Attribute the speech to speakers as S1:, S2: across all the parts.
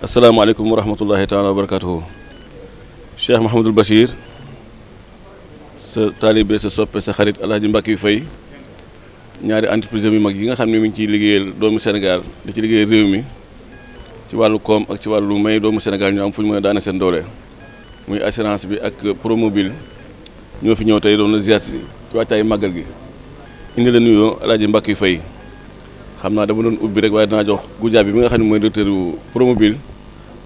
S1: asalaamaaleykum wa rahmatullahi taala wa barakatuhu Cheikh Mahamadul Bachir sa taalibe sa soppe sa xarit alhaji Mbàkke yu fay ñaari entreprise yu mag yi nga xam ne mu ngi ciy liggéeyal doomu Sénégal da ci liggéeyal réew mi ci wàllu koom ak ci wàllu may doomu Sénégal ñu am fu ñu mën daane seen doole muy assurance bi ak promobile ñoo fi ñëw tey doon la ziar si ci màggal gi indi la nuyoo alhaji Mbàkke yu fay xam naa dama doon ubbi rek waaye danaa jox bi mi nga xam ne mooy directeur promobile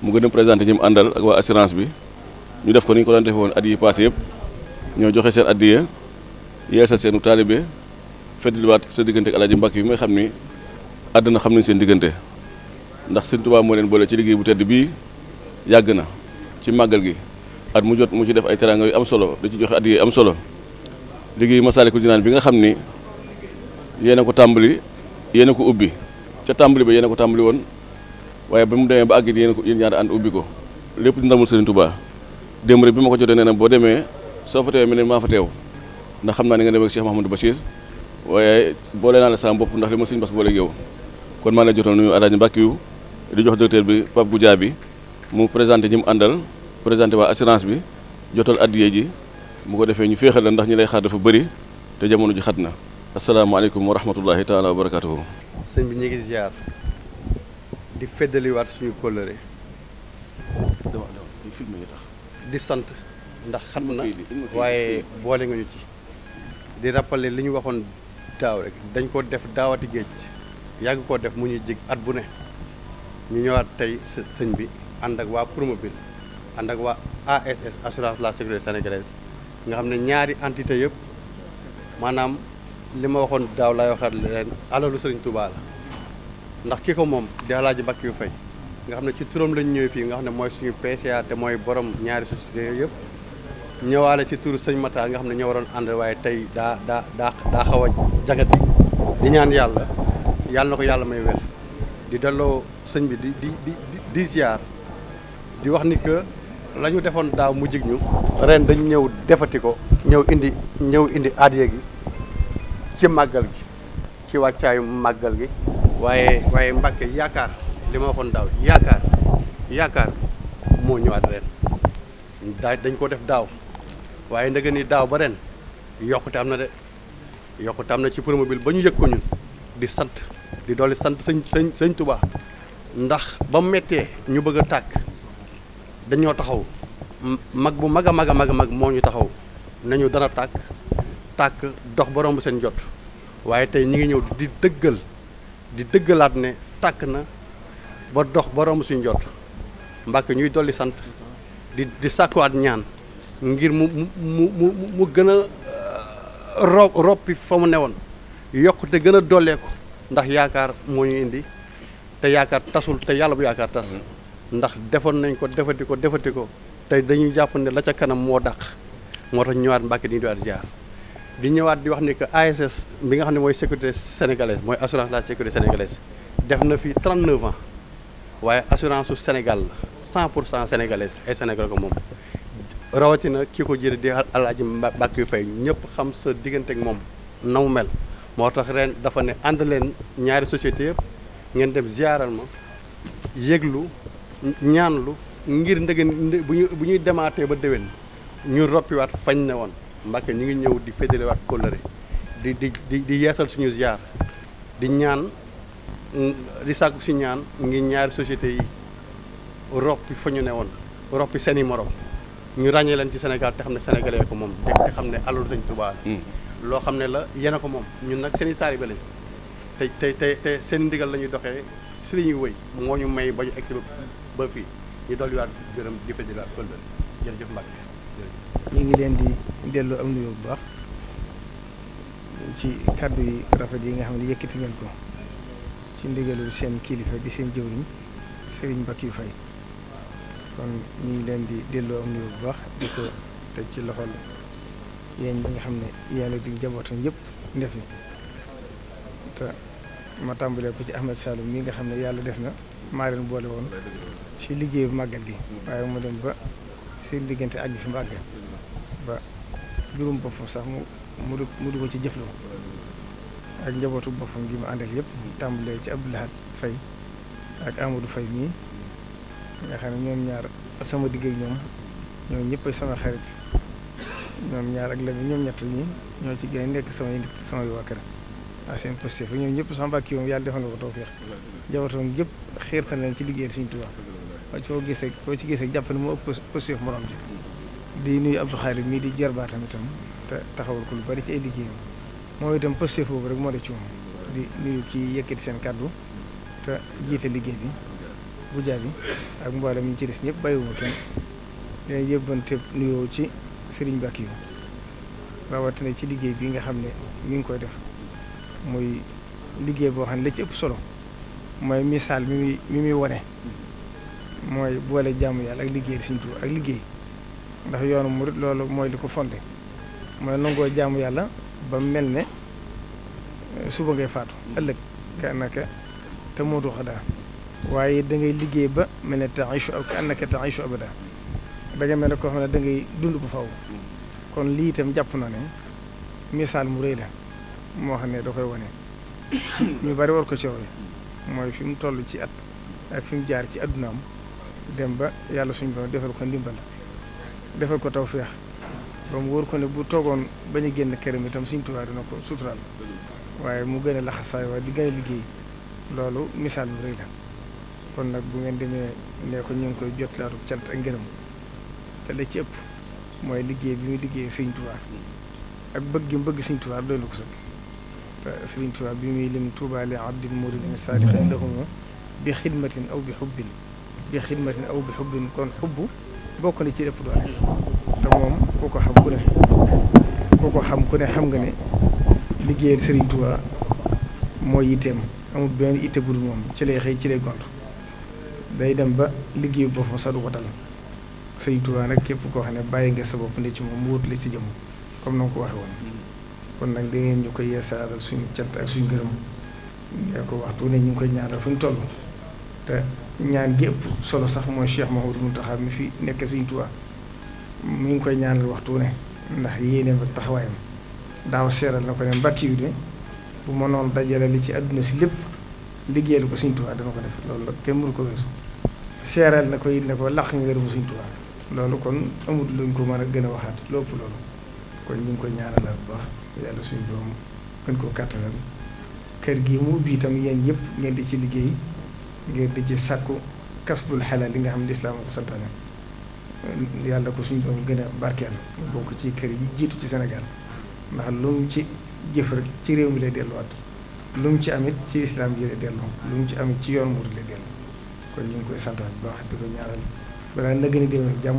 S1: mu gën a présenté ñi mu àndal ak waa assurance bi ñu def ko ni ñu ko doon defee woon at yi passé yëpp ñoo joxe seen addiya sa seenu taalibe feddliwaat sa diggante ak yi Mbàkke bi may xam ni àddina xam nañ seen diggante ndax Sëñ Tuubaa moo leen boole ci liggéey bu tedd bii yàgg na ci màggal gi at mu jot mu ci def ay teraanga yu am solo da ci joxe addiya am solo liggéey Masaalikul Jinaan bi nga xam ni yéen ko tàmbali yéen ko ubbi ca tàmbali ba yéen ko tàmbali woon waaye ba mu demee ba àgg it yéen yéen ñaar ànd ubbi ko lépp di ndamul Serigne Touba démb rek bi ma ko jotee nee na boo demee soo fa teewee mu maa fa teew ndax xam naa ni nga demee ak Cheikh Mahamadou Bachir waaye boole naa la sama bopp ndax li ma Serigne Bass boole yow kon maa lay jotal nuyu Alaaji Mbàkkiyu di jox directeur bi Pape Goudia bi mu présenté ñi mu àndal présenté waa assurance bi jotal addiyee ji mu ko defee ñu féexal la ndax ñu lay xaar dafa bëri te jamono ji xat na asalaamaaleykum wa rahmatullahi taala wa barakatuhu
S2: sëñ bi ñu ngi ziar di feddaliwaat suñu kóllëre di sant ndax xam na waaye boole nga ñu ci di rappeler li ñu waxoon daaw rek dañ ko def daawati géej yàgg koo def mu ñuy jig at bu ne ñu ñëwaat tey sëñ bi ànd ak waa Promobile ànd ak waa ASS assurance la sécurité sénégalaise nga xam ne ñaari entité yëpp maanaam li ma waxoon daaw laay waxaat leen alalu Sëriñ Tuubaa la ndax ki ko moom di Alaaji Mbàkke yu fay nga xam ne ci turoom lañ ñëwee fii nga xam ne mooy suñu PCA te mooy borom ñaari société yooyu yëpp ñëwaale ci turu sëñ Matar nga xam ne ñoo waroon ànd waaye tey daa daa daa daa xaw a jagati di ñaan yàlla yàlla na ko yàlla may wér di daloo sëñ bi di di di di ziar di wax ni que la defoon daaw mu jig ñu ren dañ ñëw defati ko ñëw indi ñëw indi adiya gi ci màggal gi ci wàccaayu màggal gi waaye waaye Mbàkke yaakaar li ma waxoon daaw yaakaar yaakaar moo ñëwaat ren daa dañ ko def daaw waaye ndaga ni daaw ba ren yokkute am na de yokkute am na ci Promovilles ba ñu yëg ko ñun di sant di dolli sant sëñ sëñ sëñ ndax ba mu méttee ñu bëgg a tàkk dañoo taxaw mag bu mag a mag a mag mag moo ñu taxaw nañu dana tàkk tàkk dox borom bu seen jot waaye tey ñi ngi ñëw di dëggal di dëggalaat ne tàkk na ba dox ba romb suñu jot mbàkk ñuy dolli sant di di sàkkuwaat ñaan ngir mu mu mu mu gën a euh, ro roppi fa mu newoon yokk te gën a dollee ndax yaakaar moo ñu indi te yaakaar tasul te yàlla bu yaakaar tas mm-hmm. ndax defoon nañ ko defati ko defati ko te dañuy jàpp ne la ca kanam moo dàq moo tax ñëwaat mbàkk di ñuy doon jaar di ñëwaat di wax ni que ASS bi nga xam ne mooy sécurité sénégalaise mooy assurance la sécurité sénégalaise def na fi 39 ans waaye assurance su Sénégal la 100 pour cent sénégalaise ay Sénégal ko moom rawatina ki ko jëlee di Alaaji yu Fay ñëpp xam sa diggante ak moom na mu mel moo tax ren dafa ne ànd leen ñaari société yëpp ngeen dem ziaral ma yéglu ñaanlu ngir ndëgën bu ñu bu ñuy demaatee ba déwén ñu roppiwaat fañ ne woon Mbàkke ñu ngi ñëw di fédéré waat kóllëre di di di di yeesal suñu ziar di ñaan di sàkku si ñaan ngi ñaari société yi roppi fa ñu ne woon roppi seen i morom ñu ràññee leen ci Sénégal te xam ne sénégalais ko moom te xam ne alalu Sëñ Tuubaa hmm. loo xam ne la yéen a ko moom ñun nag seen i taalibe lañ te te te te seen ndigal la ñuy doxee si li ñuy wëy moo ñu may ba ñu egsi ba fii ñu dolliwaat gërëm di fédéré waat kóllëre jërëjëf Mbàkke
S3: ñu ngi leen di delloo am nuyoo bu baax ci kàddu yi rafet yi nga xam ne yëkkati ngeen ko ci ndigalul seen kilifa di seen jëw jëwriñ Serigne Mbacké Faye kon ñu ngi leen di delloo am nuyoo bu baax di ko teg ci loxol yéen ñi nga xam ne yéen di njabootam yëpp ndefi te ma tàmbalee ko ci Ahmed Saloum mi nga xam ne yàlla def na maa leen boole woon ci liggéeyu màggal gi waaye mu dem ba seen diggante àgg fi mu ba mbirum boppam sax mu mu di mu di ko ci jëfloo ak njabootu boppam gi mu àndal yëpp tàmbalee ci Abdoulahat fay ak du fay mii nga xam ne ñoom ñaar sama digg ak ñoom ñoom ñëpp sama xarit ñoom ñaar ak lañu ñoom ñett ñi ñoo ci gën nekk samay nit samay waa kër ak seen posté fa ñoom ñëpp sama mbàkki moom yàlla defal na ko tawfeex njabootam gépp xiirtal leen ci liggéeyal Sëriñ Tuubaa waaye soo gisee koo ci gisee jàpp ne moo ëpp posté moroom di nuyu Abdou Khadir mii di jarbaatam itam te taxawal ko lu bari ci ay liggéeyam moom itam posté foofu rek moo de ci moom di nuyu kii yëkkati seen kàddu te jiite liggéey bi bu jaabi ak mboole ñi ci des ñëpp bàyyiwuma kenn dinañ yëbbante nuyoo ci Serigne Bakio rawatina ci liggéey bi nga xam ne mi ngi koy def muy liggéey boo xam ne la ci ëpp solo mooy misaal mi muy mi muy wane mooy boole jàmm yàlla ak liggéey Serigne Touba ak liggéey. ndax yoonu murit loolu mooy li ko fonde mooy nangoo jaamu yàlla ba mel ne eh, suba ngay faatu ëllëg ka annaka te moodu xadaa waaye dangay ngay liggéey ba mel ne taishu ka annaka taishu abada da nga mel ne koo xam ne dangay ngay dund bu faw kon lii itam jàpp na ne misaal mu rëy la moo xam ne da koy wane ñu bari war ko ci roy mooy fi mu toll ci at ak fi mu jaar ci addunaam dem ba yàlla suñ borom defal ko ndimbal defal ko taw feex ba mu ko ne bu toogoon bañ a génn këram itam Sëriñ Tuubaa dina ko suturaal waaye mu gën a laxasaay waaye di gën a liggéey loolu misaal bu rëy la kon nag bu ngeen demee ne ko ñu ngi koy jotlaatu cant ak ngërëm te la ci ëpp mooy liggéey bi muy liggéey Sëriñ Tuubaa ak bëgg gi mu bëgg Sëriñ Tuubaa doy na ko sëkk te Sëriñ bi muy lim Tuubaa li abdil muridin saadiqin lahum bi xidmatin aw bi xubbin bi xidmatin aw bi xubbin kon bokk na ci ëpp doole te moom koo ko xam ku ne ku ko xam ku ne xam nga ne liggéeyal Serigne Touba mooy yitteem amul benn yitte bu dul moom ci lay xëy ci lay gont day dem ba liggéeyu boppam sax du ko dal Serigne Touba nag képp koo xam ne bàyyi nga sa bopp ne ci moom mu wut la si jëm comme na ko waxee woon kon nag da ngeen ñu koy yeesaalal suñu cant ak suñu gërëm yaa ko waxtu ne ñu koy ñaanal fu ñu toll. te ñaan gi ëpp solo sax mooy Cheikh mu Mountakha mi fi nekk Sëriñ Tuubaa mu ngi koy ñaanal waxtu ne ndax yéeneem ak taxawaayam daaw seeral na ko ne mbàkk yu de bu mënoon dajale li ci àdduna si lépp liggéeyal ko Sëriñ Tuubaa dama ko def loolu nag kenn mënu ko weesu seeral na ko it ne ko làq nga loolu kon amut luñ ko mën a gën a waxaat lépp loolu kon ñu ngi ko ñaanalal bu baax yàlla suñu doom gën koo kàttanal kër gi mu ubbi itam yéen yëpp ngeen di ci liggéey. ngir di ci sàkku kasbul xelal li nga xam di lislaam ko santaane yàlla ko suñu doom gën a barkeel mu bokk ci kër yi jiitu ci Sénégal ndax lu mu ci jëfal ci réew mi lay delluwaat lu mu ci amit ci islam ji lay dellu lu mu ci amit ci yoon murid lay dellu kon ñu ngi koy santaan bu baax di ko ñaaral balaa na gën a demee jàmm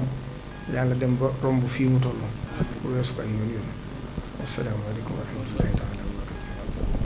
S3: yàlla dem ba romb fii mu toll weesu ko ay yoon yoon asalaamaaleykum wa rahmatullahi taala